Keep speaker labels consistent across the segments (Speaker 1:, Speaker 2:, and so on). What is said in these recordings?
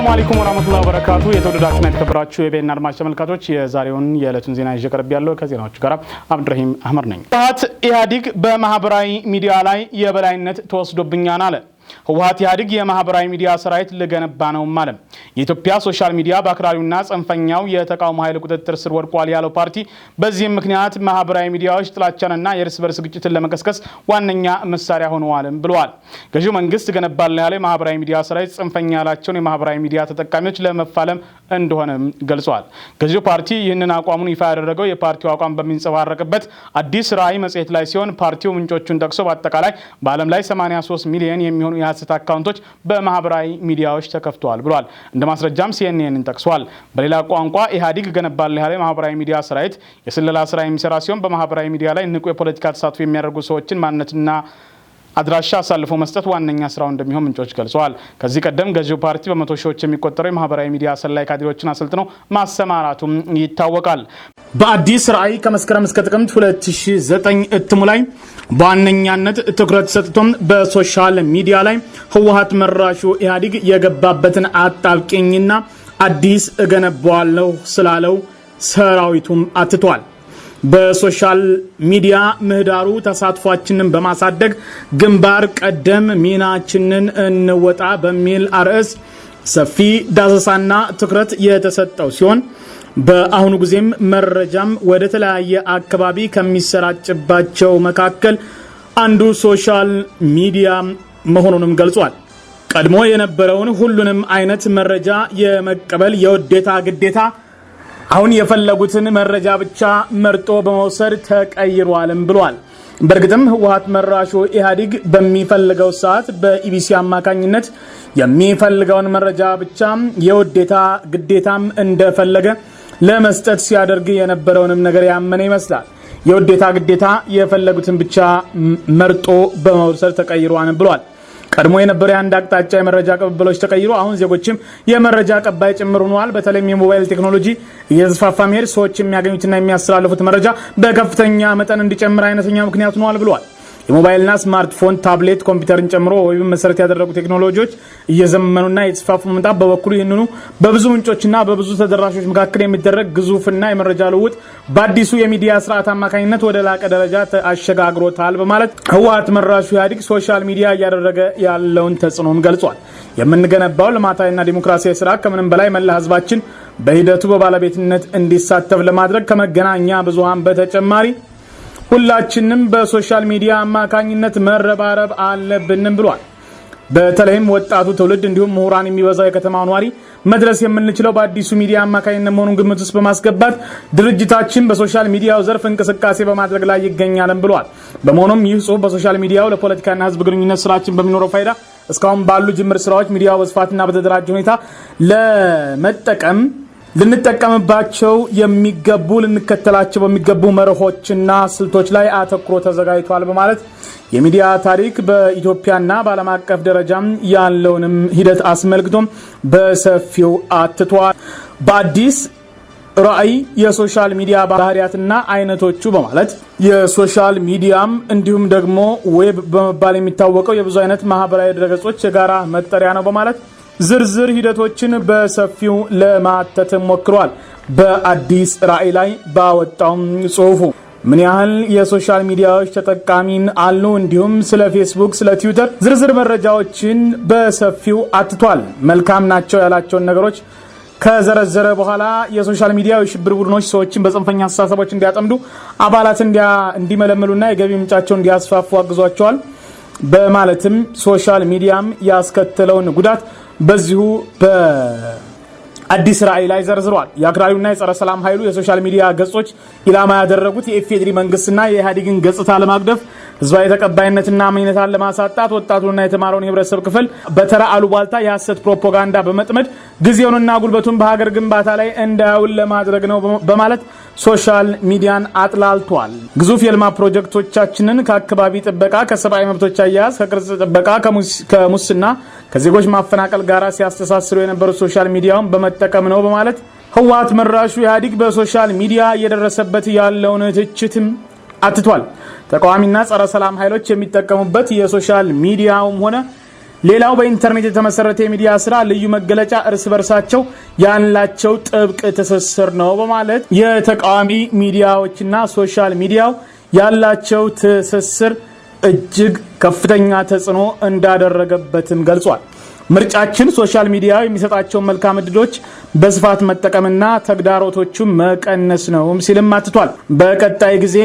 Speaker 1: ሰላሙ አለይኩም ወራህመቱላ በረካቱ። የተወደዳችሁና የተከበራችሁ የቤና አድማጭ ተመልካቾች የዛሬውን የዕለቱን ዜና ይዤ ቀርብ ያለው ከዜናዎቹ ጋር አብዱራሂም አህመድ ነኝ። ህወሓት ኢህአዲግ በማህበራዊ ሚዲያ ላይ የበላይነት ተወስዶብኛል አለ። ህወሀት ኢህአዴግ የማህበራዊ ሚዲያ ሰራዊት ልገነባ ነው አለ። የኢትዮጵያ ሶሻል ሚዲያ በአክራሪውና ጽንፈኛው የተቃውሞ ኃይል ቁጥጥር ስር ወድቋል ያለው ፓርቲ በዚህም ምክንያት ማህበራዊ ሚዲያዎች ጥላቻንና የእርስ በርስ ግጭትን ለመቀስቀስ ዋነኛ መሳሪያ ሆነዋልም ብለዋል። ገዢው መንግስት ገነባል ያለ የማህበራዊ ሚዲያ ሰራዊት ጽንፈኛ ያላቸውን የማህበራዊ ሚዲያ ተጠቃሚዎች ለመፋለም እንደሆነም ገልጿል። ገዢው ፓርቲ ይህንን አቋሙን ይፋ ያደረገው የፓርቲው አቋም በሚንጸባረቅበት አዲስ ራዕይ መጽሔት ላይ ሲሆን ፓርቲው ምንጮቹን ጠቅሶ በአጠቃላይ በዓለም ላይ 83 ሚሊዮን የሚሆኑ የሐሰት አካውንቶች በማህበራዊ ሚዲያዎች ተከፍተዋል ብሏል። እንደ ማስረጃም ሲኤንኤንን ጠቅሷል። በሌላ ቋንቋ ኢህአዲግ ገነባል ያለ የማህበራዊ ሚዲያ ሰራዊት የስለላ ስራ የሚሰራ ሲሆን በማህበራዊ ሚዲያ ላይ ንቁ የፖለቲካ ተሳትፎ የሚያደርጉ ሰዎችን ማንነትና አድራሻ አሳልፎ መስጠት ዋነኛ ስራው እንደሚሆን ምንጮች ገልጸዋል። ከዚህ ቀደም ገዢው ፓርቲ በመቶ ሺዎች የሚቆጠሩ የማህበራዊ ሚዲያ ሰላይ ካድሬዎችን አሰልጥኖ ማሰማራቱም ይታወቃል። በአዲስ ራዕይ ከመስከረም እስከ ጥቅምት 2009 እትሙ ላይ በዋነኛነት ትኩረት ሰጥቶም በሶሻል ሚዲያ ላይ ህወሀት መራሹ ኢህአዴግ የገባበትን አጣብቂኝና አዲስ እገነባዋለሁ ስላለው ሰራዊቱም አትቷል። በሶሻል ሚዲያ ምህዳሩ ተሳትፏችንን በማሳደግ ግንባር ቀደም ሚናችንን እንወጣ በሚል አርዕስ ሰፊ ዳሰሳና ትኩረት የተሰጠው ሲሆን በአሁኑ ጊዜም መረጃም ወደ ተለያየ አካባቢ ከሚሰራጭባቸው መካከል አንዱ ሶሻል ሚዲያ መሆኑንም ገልጿል። ቀድሞ የነበረውን ሁሉንም አይነት መረጃ የመቀበል የውዴታ ግዴታ አሁን የፈለጉትን መረጃ ብቻ መርጦ በመውሰድ ተቀይሯልም ብሏል። በእርግጥም ህወሀት መራሹ ኢህአዲግ በሚፈልገው ሰዓት በኢቢሲ አማካኝነት የሚፈልገውን መረጃ ብቻ የውዴታ ግዴታም እንደፈለገ ለመስጠት ሲያደርግ የነበረውንም ነገር ያመነ ይመስላል። የውዴታ ግዴታ የፈለጉትን ብቻ መርጦ በመውሰድ ተቀይሯን ብሏል። ቀድሞ የነበረው የአንድ አቅጣጫ የመረጃ ቅብብሎች ተቀይሮ አሁን ዜጎችም የመረጃ ቀባይ ጭምር ሆነዋል። በተለይም የሞባይል ቴክኖሎጂ እየተስፋፋ መሄድ ሰዎች የሚያገኙትና የሚያስተላልፉት መረጃ በከፍተኛ መጠን እንዲጨምር አይነተኛ ምክንያት ሆነዋል ብለዋል። የሞባይልና ስማርትፎን፣ ታብሌት፣ ኮምፒውተርን ጨምሮ ወይም መሰረት ያደረጉ ቴክኖሎጂዎች እየዘመኑና የተስፋፉ መምጣት በበኩሉ ይህንኑ በብዙ ምንጮችና በብዙ ተደራሾች መካከል የሚደረግ ግዙፍና የመረጃ ልውውጥ በአዲሱ የሚዲያ ስርዓት አማካኝነት ወደ ላቀ ደረጃ አሸጋግሮታል በማለት ህዋት መራሹ ኢህአዴግ ሶሻል ሚዲያ እያደረገ ያለውን ተጽዕኖም ገልጿል። የምንገነባው ልማታዊና ዲሞክራሲያዊ ስራ ከምንም በላይ መላ ህዝባችን በሂደቱ በባለቤትነት እንዲሳተፍ ለማድረግ ከመገናኛ ብዙሃን በተጨማሪ ሁላችንም በሶሻል ሚዲያ አማካኝነት መረባረብ አለብንም ብሏል። በተለይም ወጣቱ ትውልድ እንዲሁም ምሁራን የሚበዛው የከተማ ኗሪ መድረስ የምንችለው በአዲሱ ሚዲያ አማካኝነት መሆኑን ግምት ውስጥ በማስገባት ድርጅታችን በሶሻል ሚዲያው ዘርፍ እንቅስቃሴ በማድረግ ላይ ይገኛለን ብሏል። በመሆኑም ይህ ጽሁፍ በሶሻል ሚዲያው ለፖለቲካና ሕዝብ ግንኙነት ስራችን በሚኖረው ፋይዳ እስካሁን ባሉ ጅምር ስራዎች ሚዲያው በስፋትና በተደራጀ ሁኔታ ለመጠቀም ልንጠቀምባቸው የሚገቡ ልንከተላቸው በሚገቡ መርሆችና ስልቶች ላይ አተኩሮ ተዘጋጅቷል በማለት የሚዲያ ታሪክ በኢትዮጵያና በዓለም አቀፍ ደረጃም ያለውንም ሂደት አስመልክቶም በሰፊው አትቷል። በአዲስ ራዕይ የሶሻል ሚዲያ ባህሪያትና አይነቶቹ በማለት የሶሻል ሚዲያም እንዲሁም ደግሞ ዌብ በመባል የሚታወቀው የብዙ አይነት ማህበራዊ ድረገጾች የጋራ መጠሪያ ነው በማለት ዝርዝር ሂደቶችን በሰፊው ለማተት ሞክሯል። በአዲስ ራዕይ ላይ ባወጣውም ጽሁፉ ምን ያህል የሶሻል ሚዲያዎች ተጠቃሚን አሉ፣ እንዲሁም ስለ ፌስቡክ፣ ስለ ትዊተር ዝርዝር መረጃዎችን በሰፊው አትቷል። መልካም ናቸው ያላቸውን ነገሮች ከዘረዘረ በኋላ የሶሻል ሚዲያ የሽብር ቡድኖች ሰዎችን በጽንፈኛ አስተሳሰቦች እንዲያጠምዱ አባላት እንዲመለምሉና የገቢ ምንጫቸው እንዲያስፋፉ አግዟቸዋል በማለትም ሶሻል ሚዲያም ያስከተለውን ጉዳት በዚሁ በአዲስ ራዕይ ላይ ዘርዝሯል። የአክራሪውና የጸረ ሰላም ኃይሉ የሶሻል ሚዲያ ገጾች ኢላማ ያደረጉት የኢፌዴሪ መንግስትና የኢህአዴግን ገጽታ ለማግደፍ ህዝባዊ ተቀባይነትና አመኝነታን ለማሳጣት ወጣቱንና የተማረውን የህብረተሰብ ክፍል በተራ አሉባልታ የሐሰት ፕሮፓጋንዳ በመጥመድ ጊዜውንና ጉልበቱን በሀገር ግንባታ ላይ እንዳያውል ለማድረግ ነው በማለት ሶሻል ሚዲያን አጥላልቷል። ግዙፍ የልማት ፕሮጀክቶቻችንን ከአካባቢ ጥበቃ፣ ከሰብአዊ መብቶች አያያዝ፣ ከቅርጽ ጥበቃ፣ ከሙስና፣ ከዜጎች ማፈናቀል ጋር ሲያስተሳስሩ የነበሩት ሶሻል ሚዲያውን በመጠቀም ነው በማለት ህወሓት መራሹ ኢህአዲግ በሶሻል ሚዲያ እየደረሰበት ያለውን ትችትም አትቷል። ተቃዋሚና ጸረ ሰላም ኃይሎች የሚጠቀሙበት የሶሻል ሚዲያውም ሆነ ሌላው በኢንተርኔት የተመሰረተ የሚዲያ ስራ ልዩ መገለጫ እርስ በርሳቸው ያላቸው ጥብቅ ትስስር ነው በማለት የተቃዋሚ ሚዲያዎችና ሶሻል ሚዲያው ያላቸው ትስስር እጅግ ከፍተኛ ተጽዕኖ እንዳደረገበትም ገልጿል። ምርጫችን ሶሻል ሚዲያ የሚሰጣቸውን መልካም እድሎች በስፋት መጠቀምና ተግዳሮቶቹን መቀነስ ነውም ሲልም አትቷል። በቀጣይ ጊዜ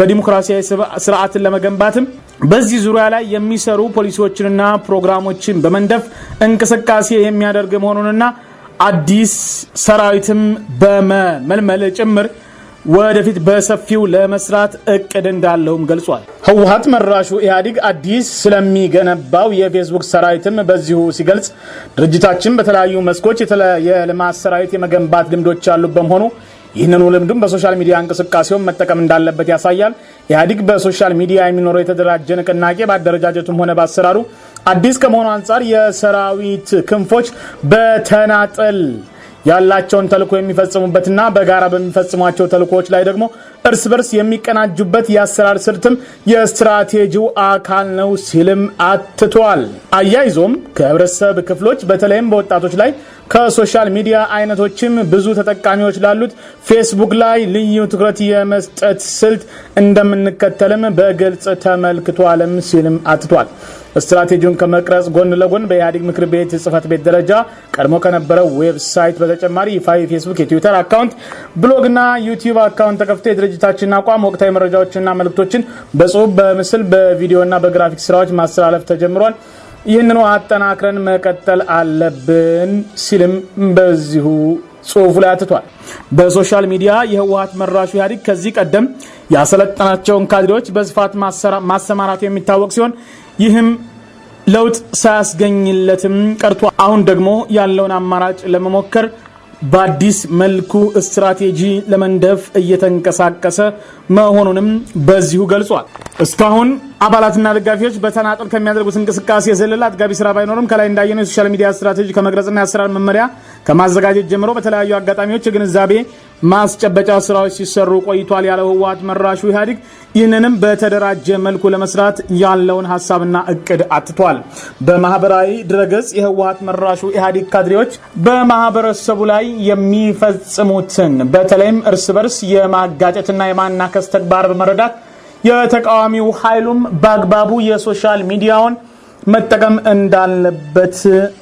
Speaker 1: በዲሞክራሲያዊ ስርዓትን ለመገንባትም በዚህ ዙሪያ ላይ የሚሰሩ ፖሊሲዎችንና ፕሮግራሞችን በመንደፍ እንቅስቃሴ የሚያደርግ መሆኑንና አዲስ ሰራዊትም በመመልመል ጭምር ወደፊት በሰፊው ለመስራት እቅድ እንዳለውም ገልጿል። ህወሀት መራሹ ኢህአዲግ አዲስ ስለሚገነባው የፌስቡክ ሰራዊትም በዚሁ ሲገልጽ ድርጅታችን በተለያዩ መስኮች የልማት ሰራዊት የመገንባት ልምዶች ያሉ በመሆኑ ይህንኑ ልምዱም በሶሻል ሚዲያ እንቅስቃሴውን መጠቀም እንዳለበት ያሳያል። ኢህአዲግ በሶሻል ሚዲያ የሚኖረው የተደራጀ ንቅናቄ በአደረጃጀቱም ሆነ በአሰራሩ አዲስ ከመሆኑ አንጻር የሰራዊት ክንፎች በተናጠል ያላቸውን ተልኮ የሚፈጽሙበትና በጋራ በሚፈጽሟቸው ተልኮዎች ላይ ደግሞ እርስ በርስ የሚቀናጁበት የአሰራር ስልትም የስትራቴጂው አካል ነው ሲልም አትቷል። አያይዞም ከህብረተሰብ ክፍሎች በተለይም በወጣቶች ላይ ከሶሻል ሚዲያ አይነቶችም ብዙ ተጠቃሚዎች ላሉት ፌስቡክ ላይ ልዩ ትኩረት የመስጠት ስልት እንደምንከተልም በግልጽ ተመልክቷልም ሲልም አትቷል። ስትራቴጂውን ከመቅረጽ ጎን ለጎን በኢህአዴግ ምክር ቤት ጽህፈት ቤት ደረጃ ቀድሞ ከነበረው ዌብሳይት በተጨማሪ ይፋ የፌስቡክ፣ የትዊተር አካውንት፣ ብሎግና ዩቲዩብ አካውንት ተከፍቶ የድርጅታችንን አቋም፣ ወቅታዊ መረጃዎችንና መልክቶችን በጽሁፍ፣ በምስል፣ በቪዲዮና በግራፊክ ስራዎች ማስተላለፍ ተጀምሯል። ይህንኑ አጠናክረን መቀጠል አለብን ሲልም በዚሁ ጽሁፉ ላይ አትቷል። በሶሻል ሚዲያ የህወሀት መራሹ ኢህአዴግ ከዚህ ቀደም ያሰለጠናቸውን ካድሬዎች በስፋት ማሰማራቱ የሚታወቅ ሲሆን ይህም ለውጥ ሳያስገኝለትም ቀርቶ አሁን ደግሞ ያለውን አማራጭ ለመሞከር በአዲስ መልኩ ስትራቴጂ ለመንደፍ እየተንቀሳቀሰ መሆኑንም በዚሁ ገልጿል። እስካሁን አባላትና ደጋፊዎች በተናጠል ከሚያደርጉት እንቅስቃሴ የዘለለ አጥጋቢ ስራ ባይኖርም ከላይ እንዳየነው የሶሻል ሚዲያ ስትራቴጂ ከመቅረጽና የአሰራር መመሪያ ከማዘጋጀት ጀምሮ በተለያዩ አጋጣሚዎች የግንዛቤ ማስጨበጫ ስራዎች ሲሰሩ ቆይቷል ያለው ህወሓት መራሹ ኢህአዲግ ይህንንም በተደራጀ መልኩ ለመስራት ያለውን ሀሳብና እቅድ አትቷል። በማህበራዊ ድረገጽ የህወሓት መራሹ ኢህአዲግ ካድሬዎች በማህበረሰቡ ላይ የሚፈጽሙትን በተለይም እርስ በርስ የማጋጨትና የማናከስ ተግባር በመረዳት የተቃዋሚው ኃይሉም በአግባቡ የሶሻል ሚዲያውን መጠቀም እንዳለበት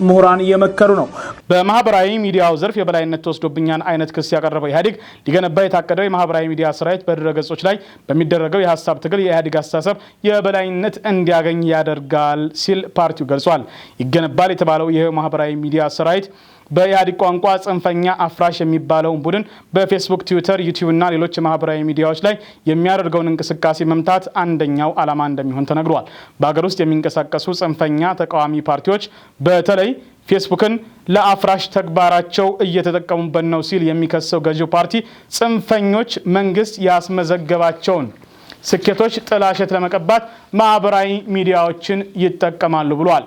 Speaker 1: ምሁራን እየመከሩ ነው። በማህበራዊ ሚዲያው ዘርፍ የበላይነት ተወስዶብኛን አይነት ክስ ያቀረበው ኢህአዴግ ሊገነባ የታቀደው የማህበራዊ ሚዲያ ስራዊት በድረ ገጾች ላይ በሚደረገው የሀሳብ ትግል የኢህአዴግ አስተሳሰብ የበላይነት እንዲያገኝ ያደርጋል ሲል ፓርቲው ገልጿል። ይገነባል የተባለው ይህ ማህበራዊ ሚዲያ ስራዊት በኢህአዴግ ቋንቋ ጽንፈኛ አፍራሽ የሚባለውን ቡድን በፌስቡክ፣ ትዊተር፣ ዩቲዩብ እና ሌሎች የማህበራዊ ሚዲያዎች ላይ የሚያደርገውን እንቅስቃሴ መምታት አንደኛው ዓላማ እንደሚሆን ተነግሯል። በሀገር ውስጥ የሚንቀሳቀሱ ጽንፈኛ ተቃዋሚ ፓርቲዎች በተለይ ፌስቡክን ለአፍራሽ ተግባራቸው እየተጠቀሙበት ነው ሲል የሚከሰው ገዢው ፓርቲ ጽንፈኞች መንግስት ያስመዘገባቸውን ስኬቶች ጥላሸት ለመቀባት ማህበራዊ ሚዲያዎችን ይጠቀማሉ ብሏል።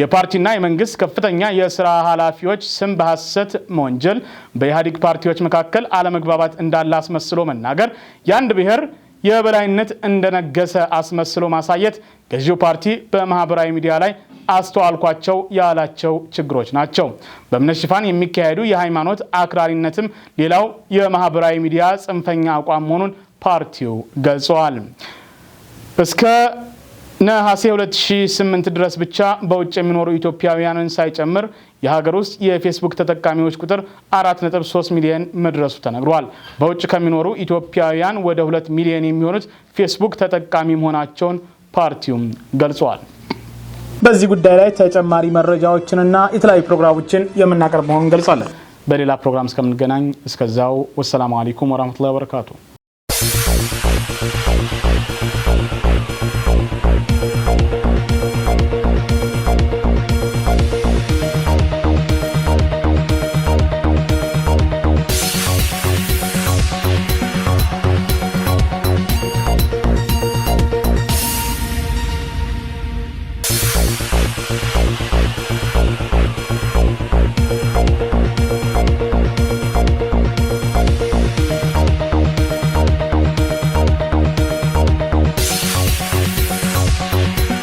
Speaker 1: የፓርቲና የመንግስት ከፍተኛ የስራ ኃላፊዎች ስም በሐሰት መወንጀል፣ በኢህአዴግ ፓርቲዎች መካከል አለመግባባት እንዳለ አስመስሎ መናገር፣ የአንድ ብሔር የበላይነት እንደነገሰ አስመስሎ ማሳየት ገዢው ፓርቲ በማህበራዊ ሚዲያ ላይ አስተዋልኳቸው ያላቸው ችግሮች ናቸው። በእምነት ሽፋን የሚካሄዱ የሃይማኖት አክራሪነትም ሌላው የማህበራዊ ሚዲያ ጽንፈኛ አቋም መሆኑን ፓርቲው ገልጸዋል። እስከ ነሐሴ 2008 ድረስ ብቻ በውጭ የሚኖሩ ኢትዮጵያውያንን ሳይጨምር የሀገር ውስጥ የፌስቡክ ተጠቃሚዎች ቁጥር 4.3 ሚሊዮን መድረሱ ተነግሯል። በውጭ ከሚኖሩ ኢትዮጵያውያን ወደ 2 ሚሊዮን የሚሆኑት ፌስቡክ ተጠቃሚ መሆናቸውን ፓርቲውም ገልጿል። በዚህ ጉዳይ ላይ ተጨማሪ መረጃዎችንና የተለያዩ ፕሮግራሞችን የምናቀርብ መሆኑን ገልጻለን። በሌላ ፕሮግራም እስከምንገናኝ እስከዛው ወሰላሙ አሌይኩም ወረህመቱላሂ ወበረካቱ።